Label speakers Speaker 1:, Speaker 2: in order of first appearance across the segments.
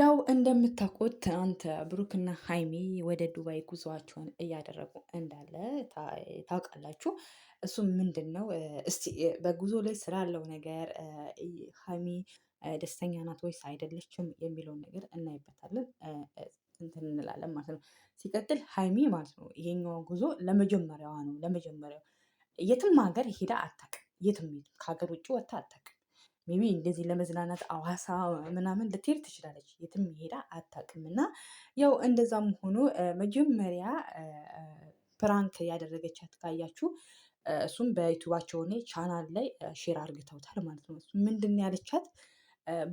Speaker 1: ያው እንደምታውቁት ትናንት ብሩክና ሀይሚ ወደ ዱባይ ጉዞዋቸውን እያደረጉ እንዳለ ታውቃላችሁ። እሱም ምንድን ነው እስቲ በጉዞ ላይ ስላለው ነገር ሀይሚ ደስተኛ ናት ወይስ አይደለችም የሚለውን ነገር እናይበታለን እንትን እንላለን ማለት ነው። ሲቀጥል ሀይሚ ማለት ነው ይሄኛው ጉዞ ለመጀመሪያዋ ነው። ለመጀመሪያው የትም ሀገር ሄዳ አታውቅም። የትም ከሀገር ውጭ ወጥታ አታውቅም። ሜቢ እንደዚህ ለመዝናናት አዋሳ ምናምን ልትሄድ ትችላለች። የትም ሄዳ አታውቅም። እና ያው እንደዛም ሆኖ መጀመሪያ ፕራንክ ያደረገቻት ካያችሁ እሱም በዩቱባቸው ሆኔ ቻናል ላይ ሼር አርግተውታል ማለት ነው። ምንድን ያለቻት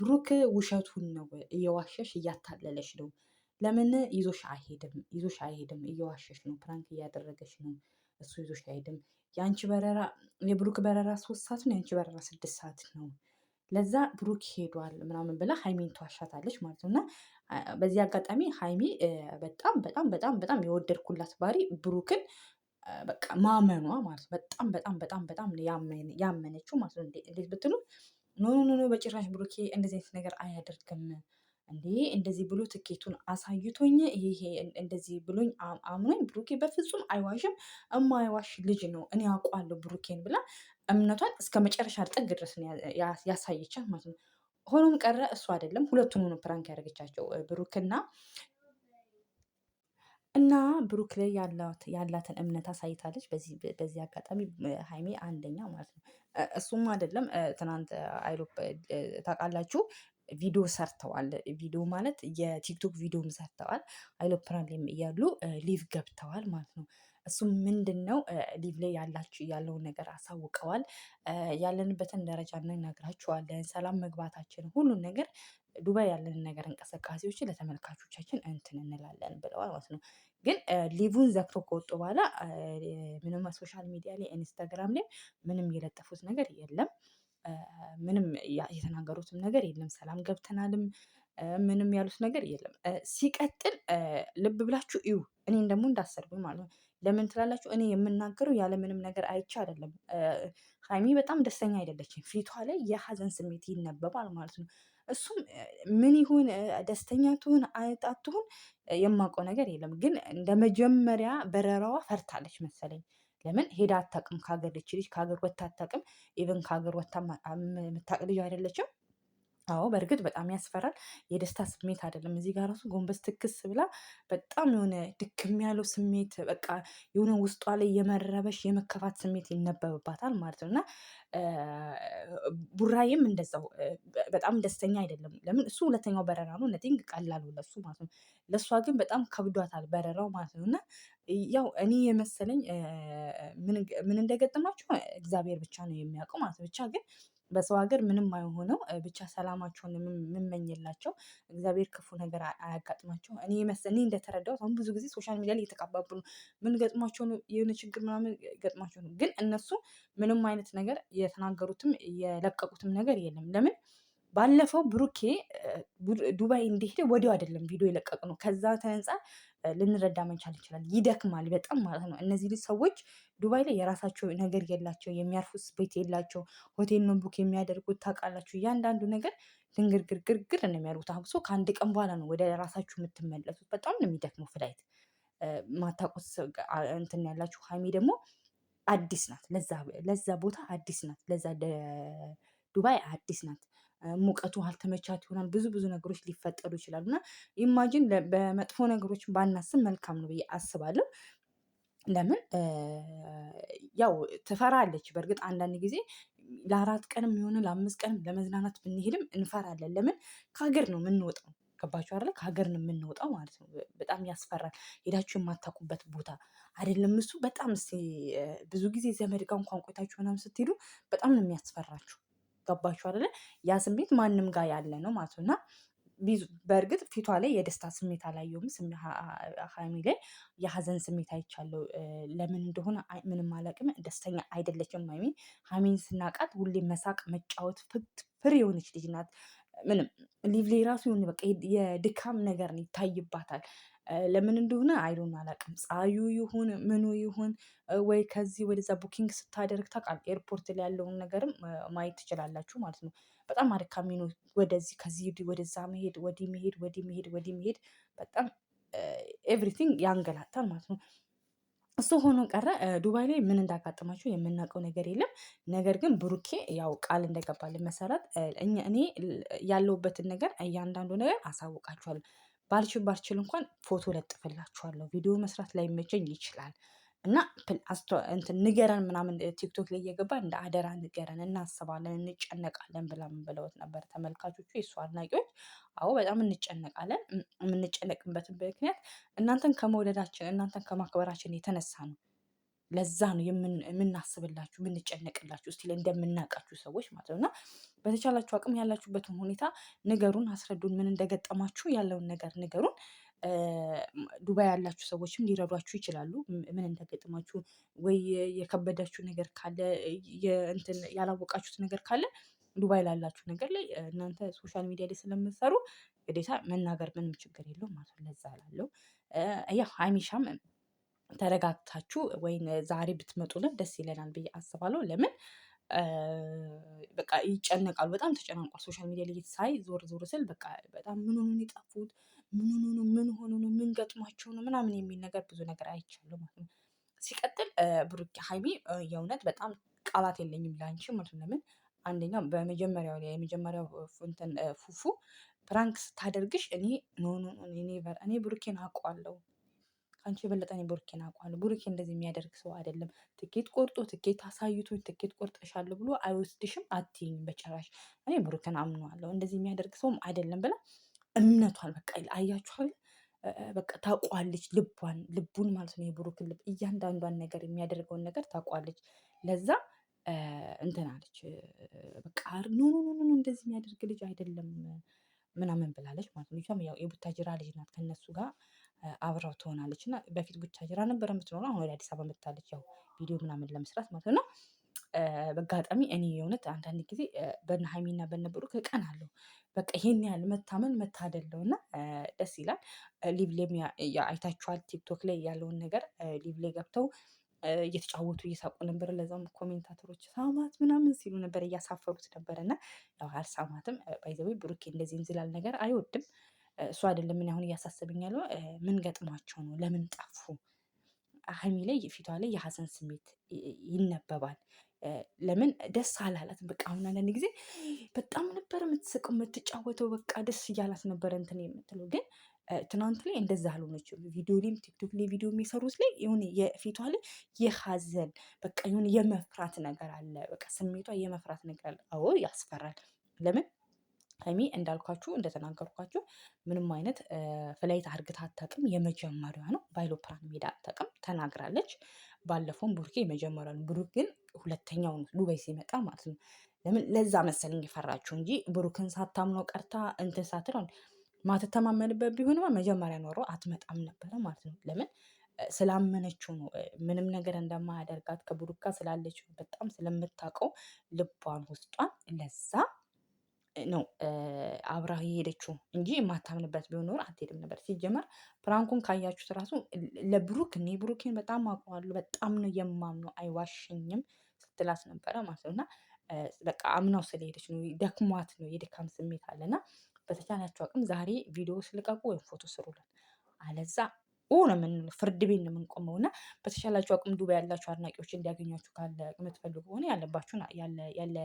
Speaker 1: ብሩክ ውሸቱን ነው፣ እየዋሸሽ እያታለለሽ ነው። ለምን ይዞሽ አይሄድም? ይዞሽ አይሄድም፣ እየዋሸሽ ነው፣ ፕራንክ እያደረገች ነው። እሱ ይዞሽ አይሄድም። የአንቺ በረራ የብሩክ በረራ ሶስት ሰዓት ነው፣ የአንቺ በረራ ስድስት ሰዓት ነው። ለዛ ብሩክ ሄዷል ምናምን ብላ ሀይሜን ትዋሻታለች ማለት ነው። እና በዚህ አጋጣሚ ሀይሜ በጣም በጣም በጣም በጣም የወደድኩላት ባህሪ ብሩክን በቃ ማመኗ ማለት ነው። በጣም በጣም በጣም በጣም ያመነችው ማለት ነው። እንዴት ብትሉ ኖ ኖ ኖ በጭራሽ ብሩኬ እንደዚህ አይነት ነገር አያደርግም እንዴ እንደዚህ ብሎ ትኬቱን አሳይቶኝ ይሄ እንደዚህ ብሎኝ አምኖኝ ብሩኬ በፍጹም አይዋሽም፣ እማይዋሽ ልጅ ነው እኔ አውቀዋለሁ ብሩኬን ብላ እምነቷን እስከ መጨረሻ ጥግ ድረስ ያሳየቻት ማለት ነው። ሆኖም ቀረ እሱ አይደለም ሁለቱም ሆኖ ፕራንክ ያደረገቻቸው ብሩክና እና ብሩክ ላይ ያላትን እምነት አሳይታለች። በዚህ አጋጣሚ ሀይሜ አንደኛ ማለት ነው። እሱም አይደለም ትናንት አይሎ ታውቃላችሁ ቪዲዮ ሰርተዋል። ቪዲዮ ማለት የቲክቶክ ቪዲዮም ሰርተዋል። አይሎፕራን ላይ እያሉ ሊቭ ገብተዋል ማለት ነው። እሱም ምንድን ነው ሊቭ ላይ ያላችሁ ያለውን ነገር አሳውቀዋል። ያለንበትን ደረጃ እንነግራችኋለን። ሰላም መግባታችን፣ ሁሉን ነገር ዱባይ ያለንን ነገር እንቅስቃሴዎችን ለተመልካቾቻችን እንትን እንላለን ብለዋል ማለት ነው። ግን ሊቡን ዘግቶ ከወጡ በኋላ ምንም ሶሻል ሚዲያ ላይ ኢንስታግራም ላይ ምንም የለጠፉት ነገር የለም። ምንም የተናገሩትም ነገር የለም። ሰላም ገብተናልም ምንም ያሉት ነገር የለም። ሲቀጥል ልብ ብላችሁ እዩ። እኔን ደግሞ እንዳሰርጉኝ ማለት ነው ለምን ትላላችሁ? እኔ የምናገረው ያለምንም ነገር አይቼ አይደለም። ሀይሚ በጣም ደስተኛ አይደለችም። ፊቷ ላይ የሀዘን ስሜት ይነበባል ማለት ነው። እሱም ምን ይሁን ደስተኛ ትሁን አትሁን የማውቀው ነገር የለም። ግን እንደ መጀመሪያ በረራዋ ፈርታለች መሰለኝ። ለምን ሄዳ አታውቅም ከሀገር ልጅ ከሀገር ወታ አታውቅም። ኢቨን ከሀገር ወታ የምታውቅ ልጅ አይደለችም አዎ በእርግጥ በጣም ያስፈራል። የደስታ ስሜት አይደለም እዚህ ጋር ራሱ ጎንበስ ትክስ ብላ በጣም የሆነ ድክም ያለው ስሜት በቃ የሆነ ውስጧ ላይ የመረበሽ የመከፋት ስሜት ይነበብባታል ማለት ነው እና ቡራዬም እንደዛው በጣም ደስተኛ አይደለም። ለምን እሱ ሁለተኛው በረራ ነው ነቲንግ ቀላሉ ለሱ ማለት ነው። ለእሷ ግን በጣም ከብዷታል በረራው ማለት ነው እና ያው እኔ የመሰለኝ ምን እንደገጠማቸው እግዚአብሔር ብቻ ነው የሚያውቀው ማለት ነው። ብቻ ግን በሰው ሀገር ምንም አይሆነው ብቻ ሰላማቸውን የምመኝላቸው እግዚአብሔር ክፉ ነገር አያጋጥማቸው። እኔ እኔ እንደተረዳሁት አሁን ብዙ ጊዜ ሶሻል ሚዲያ ላይ እየተቀባቡ ነው። ምን ገጥሟቸው ነው የሆነ ችግር ምናምን ገጥሟቸው ነው። ግን እነሱ ምንም አይነት ነገር የተናገሩትም የለቀቁትም ነገር የለም። ለምን ባለፈው ብሩኬ ዱባይ እንደሄደ ወዲያው አይደለም ቪዲዮ የለቀቅ ነው። ከዛ ተነጻ ልንረዳ መቻል ይችላል። ይደክማል በጣም ማለት ነው። እነዚህ ልጅ ሰዎች ዱባይ ላይ የራሳቸው ነገር የላቸው፣ የሚያርፉት ቤት የላቸው፣ ሆቴል ነው ቡክ የሚያደርጉት ታውቃላችሁ። እያንዳንዱ ነገር ድንግርግርግርግር ነው የሚያደርጉት። አብሶ ከአንድ ቀን በኋላ ነው ወደ ራሳችሁ የምትመለሱት። በጣም ነው የሚደክመው ፍላይት ማታቆስ እንትን ያላችሁ። ሀይሜ ደግሞ አዲስ ናት ለዛ ቦታ አዲስ ናት ለዛ ዱባይ አዲስ ናት። ሙቀቱ አልተመቻት ይሆናል። ብዙ ብዙ ነገሮች ሊፈጠሩ ይችላሉ እና ኢማጂን በመጥፎ ነገሮች ባናስብ መልካም ነው ብዬ አስባለሁ። ለምን ያው ትፈራለች በእርግጥ አንዳንድ ጊዜ ለአራት ቀንም የሆነ ለአምስት ቀንም ለመዝናናት ብንሄድም እንፈራለን። ለምን ከሀገር ነው የምንወጣው ገባችሁ አይደለ ከሀገር ነው የምንወጣው ማለት ነው። በጣም ያስፈራል ሄዳችሁ የማታውቁበት ቦታ አይደለም እሱ በጣም ብዙ ጊዜ ዘመድ ጋር እንኳን ቆይታችሁ ምናምን ስትሄዱ በጣም ነው የሚያስፈራችሁ ገባችሁ አይደለ? ያ ስሜት ማንም ጋር ያለ ነው ማለት ነው እና በእርግጥ ፊቷ ላይ የደስታ ስሜት አላየውም። ሀሚ ላይ የሀዘን ስሜት አይቻለው። ለምን እንደሆነ ምንም አላውቅም። ደስተኛ አይደለችም። ሀሚን ሀሚን ስናቃት ሁሌ መሳቅ፣ መጫወት ፍር የሆነች ልጅ ናት። ምንም ሊቭሌ ራሱ የሆነ በቃ የድካም ነገር ይታይባታል። ለምን እንደሆነ አይዶን አላውቅም። ፀሐዩ ይሁን ምኑ ይሁን ወይ ከዚህ ወደዛ ቡኪንግ ስታደርግ ታውቃል። ኤርፖርት ላይ ያለውን ነገርም ማየት ትችላላችሁ ማለት ነው። በጣም አድካሚ ነው። ወደዚህ ከዚህ ወደዛ መሄድ ወዲህ መሄድ ወዲህ መሄድ ወዲህ መሄድ በጣም ኤቭሪቲንግ ያንገላታል ማለት ነው። እሱ ሆኖ ቀረ። ዱባይ ላይ ምን እንዳጋጠማቸው የምናውቀው ነገር የለም። ነገር ግን ብሩኬ ያው ቃል እንደገባልን መሰረት እኔ ያለሁበትን ነገር እያንዳንዱ ነገር አሳውቃችኋለሁ። ባልችል ባልችል እንኳን ፎቶ ለጥፍላችኋለሁ። ቪዲዮ መስራት ላይመቸኝ ይችላል እና ንገረን ምናምን ቲክቶክ ላይ እየገባ እንደ አደራ ንገረን፣ እናስባለን፣ እንጨነቃለን ብላ ብለውት ነበር ተመልካቾቹ፣ የእሱ አድናቂዎች? አዎ በጣም እንጨነቃለን። የምንጨነቅበትን ምክንያት እናንተን ከመውደዳችን እናንተን ከማክበራችን የተነሳ ነው። ለዛ ነው የምናስብላችሁ የምንጨነቅላችሁ እስቲ እንደምናውቃችሁ ሰዎች ማለት ነው። እና በተቻላችሁ አቅም ያላችሁበትን ሁኔታ ንገሩን፣ አስረዱን፣ ምን እንደገጠማችሁ ያለውን ነገር ንገሩን። ዱባይ ያላችሁ ሰዎችም ሊረዷችሁ ይችላሉ። ምን እንደገጠማችሁ ወይ የከበዳችሁ ነገር ካለ ያላወቃችሁት ነገር ካለ ዱባይ ላላችሁ ነገር ላይ እናንተ ሶሻል ሚዲያ ላይ ስለምትሰሩ ግዴታ መናገር ምንም ችግር የለውም ማለት ነው። ለዛ ላለው ያ አይሚሻም ተረጋግታችሁ ወይም ዛሬ ብትመጡልን ደስ ይለናል ብዬ አስባለሁ። ለምን በቃ ይጨነቃሉ። በጣም ተጨናንቋል። ሶሻል ሚዲያ ላይ ሳይ ዞር ዞር ስል በቃ በጣም ምን ሆኑ የጠፉት ምን ሆኑ ምን ሆኑ ምን ገጥሟቸው ነው ምናምን የሚል ነገር ብዙ ነገር አይቻለሁ ማለት ነው። ሲቀጥል ብሩኬ ሀይሚ የእውነት በጣም ቃላት የለኝም ላንቺ ማለት ነው። ለምን አንደኛው በመጀመሪያው ላይ የመጀመሪያው እንትን ፉፉ ፕራንክ ስታደርግሽ እኔ ኖኖ እኔ ብሩኬን አውቀዋለሁ ከአንቺ የበለጠ እኔ ብሩኬን አውቀዋለሁ። እንደዚህ የሚያደርግ ሰው አይደለም። ትኬት ቆርጦ ትኬት አሳይቶ ትኬት ቆርጠሻለሁ ብሎ አይወስድሽም አትይኝም በጭራሽ። እኔ ብሩኬን አምነዋለሁ እንደዚህ የሚያደርግ ሰውም አይደለም ብላ እምነቷን በቃ አያችኋል። በቃ ታውቋለች፣ ልቧን ልቡን ማለት ነው የብሩክን ልብ እያንዳንዷን ነገር የሚያደርገውን ነገር ታውቋለች። ለዛ እንትን አለች በቃ ኖ ኖ እንደዚህ የሚያደርግ ልጅ አይደለም ምናምን ብላለች ማለት ነው። ያው የቡታጅራ ልጅ ናት ከእነሱ ጋር አብረው ትሆናለች እና በፊት ቡታጅራ ነበር የምትኖረው። አሁን ወደ አዲስ አበባ መጥታለች፣ ያው ቪዲዮ ምናምን ለመስራት ማለት ነው። በአጋጣሚ እኔ የእውነት አንዳንድ ጊዜ በነ ሀይሚና በነ ብሩክ ቀን አለው በቃ ይሄን ያህል መታመን መታደለው እና ደስ ይላል። ሊብሌም አይታችኋል፣ ቲክቶክ ላይ ያለውን ነገር ሊብሌ ገብተው እየተጫወቱ እየሳቁ ነበር። ለዛም ኮሜንታተሮች ሳማት ምናምን ሲሉ ነበር፣ እያሳፈሩት ነበር እና ያው አልሳማትም። ባይዘዌ ብሩኬ እንደዚህ እንዝላል ነገር አይወድም። እሱ አይደለም ምን አሁን እያሳሰበኝ ያለው ምን ገጥሟቸው ነው ለምን ጠፉ ሀይሚ ላይ ፊቷ ላይ የሀዘን ስሜት ይነበባል ለምን ደስ አላላት በቃ አሁን አንዳንድ ጊዜ በጣም ነበር የምትስቅ የምትጫወተው በቃ ደስ እያላት ነበረ እንትን የምትለው ግን ትናንት ላይ እንደዛ አልሆነችም ቪዲዮ ላይም ቲክቶክ ላይ ቪዲዮ የሚሰሩት ላይ ሆን የፊቷ ላይ የሀዘን በቃ ሆን የመፍራት ነገር አለ በቃ ስሜቷ የመፍራት ነገር አለ አዎ ያስፈራል ለምን ሀይሚ እንዳልኳችሁ እንደተናገርኳችሁ ምንም አይነት ፍላይት አርግታ አታውቅም። የመጀመሪያ ነው በአይሎፕራን ሜዳ አታውቅም ተናግራለች። ባለፈውም ብሩኬ የመጀመሪያ ነው። ብሩክ ግን ሁለተኛው ነው፣ ዱባይ ሲመጣ ማለት ነው። ለምን ለዛ መሰለኝ የፈራችሁ እንጂ ብሩክን ሳታምኖ ቀርታ እንትን ሳትል ማትተማመንበት ቢሆንማ መጀመሪያ ኖሮ አትመጣም ነበረ ማለት ነው። ለምን ስላመነችው ነው። ምንም ነገር እንደማያደርጋት ከብሩክ ጋር ስላለችው በጣም ስለምታውቀው ልቧን ውስጧን ለዛ ነው አብራህ የሄደችው እንጂ የማታምንበት ቢሆን ኖር አትሄድም ነበር። ሲጀመር ፕራንኩን ካያችሁት ራሱ ለብሩክ እኔ ብሩኬን በጣም አውቀዋለሁ በጣም ነው የማምነው አይዋሽኝም ስትላት ነበረ ማለት ነው። እና በቃ አምናው ስለሄደች ነው ደክሟት ነው የድካም ስሜት አለና በተቻላችሁ አቅም ዛሬ ቪዲዮ ስልቀቁ ወይም ፎቶ ስሩልን፣ አለዛ ነው ፍርድ ቤት ነው የምንቆመው። እና በተሻላችሁ አቅም ዱባይ ያላችሁ አድናቂዎች እንዲያገኛችሁ ካለ የምትፈልጉ ሆነ ያለ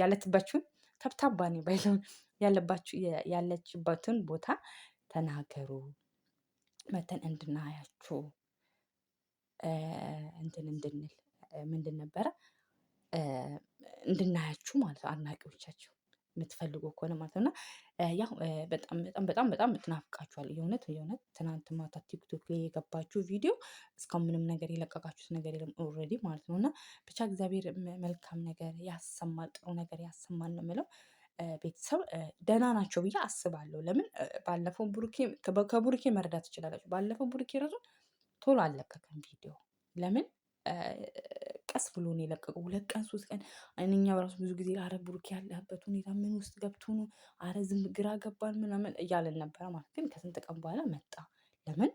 Speaker 1: ያለችበችን ተብታባ ነው ባይለው ያለባችሁ ያለችበትን ቦታ ተናገሩ። መተን እንድናያችሁ እንትን እንድንል ምንድን ነበረ እንድናያችሁ ማለት ነው አድናቂዎቻችሁ የምትፈልጉ ከሆነ ማለት ነው። እና ያው በጣም በጣም በጣም በጣም ትናፍቃችኋል። የእውነት የእውነት ትናንት ማታ ቲክቶክ ላይ የገባችሁ ቪዲዮ እስካሁን ምንም ነገር የለቀቃችሁት ነገር የለም ኦልሬዲ ማለት ነው። እና ብቻ እግዚአብሔር መልካም ነገር ያሰማል፣ ጥሩ ነገር ያሰማል ነው የምለው። ቤተሰብ ደህና ናቸው ብዬ አስባለሁ። ለምን ባለፈው ቡሩኬ ከቡሩኬ መረዳት ትችላላችሁ። ባለፈው ቡሩኬ ራሱ ቶሎ አልለቀቀም ቪዲዮ ለምን ቀስ ብሎ ነው የለቀቀው። ሁለት ቀን ሶስት ቀን እኛው ራሱ ብዙ ጊዜ አረ ብሩክ ያለበት ሁኔታ ምን ውስጥ ገብቶ ነው አረ ዝም ግራ ገባን ምናምን እያለን ነበረ ማለት ግን ከስንት ቀን በኋላ መጣ። ለምን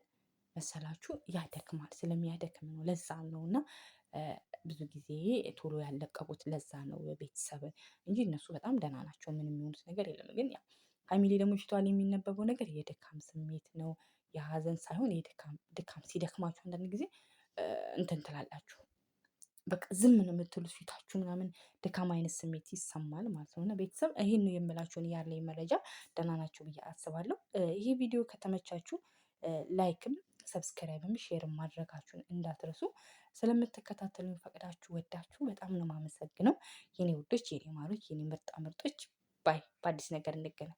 Speaker 1: መሰላችሁ? ያደክማል ስለሚያደክም ነው። ለዛ ነው እና ብዙ ጊዜ ቶሎ ያለቀቁት ለዛ ነው ቤተሰብ እንጂ እነሱ በጣም ደህና ናቸው። ምን የሚሆኑት ነገር የለም። ግን ያው ፋሚሊ ደግሞ ፊቷ ላይ የሚነበበው ነገር የድካም ስሜት ነው። የሀዘን ሳይሆን የድካም ድካም ሲደክማችሁ አንዳንድ ጊዜ እንትን ትላላችሁ በቃ ዝም ነው የምትሉት ፊታችሁ ምናምን ድካም አይነት ስሜት ይሰማል ማለት ነው። እና ቤተሰብ ይሄን ነው የምላችሁን ያለኝ መረጃ። ደህና ናችሁ ብዬ አስባለሁ። ይሄ ቪዲዮ ከተመቻችሁ ላይክም ሰብስክራይብም ሼርም ማድረጋችሁን እንዳትረሱ። ስለምትከታተሉኝ ፈቅዳችሁ ወዳችሁ በጣም ነው የማመሰግነው። የኔ ውዶች፣ የኔ ማሮች፣ የኔ ምርጣ ምርጦች። ባይ። በአዲስ ነገር እንገናኝ።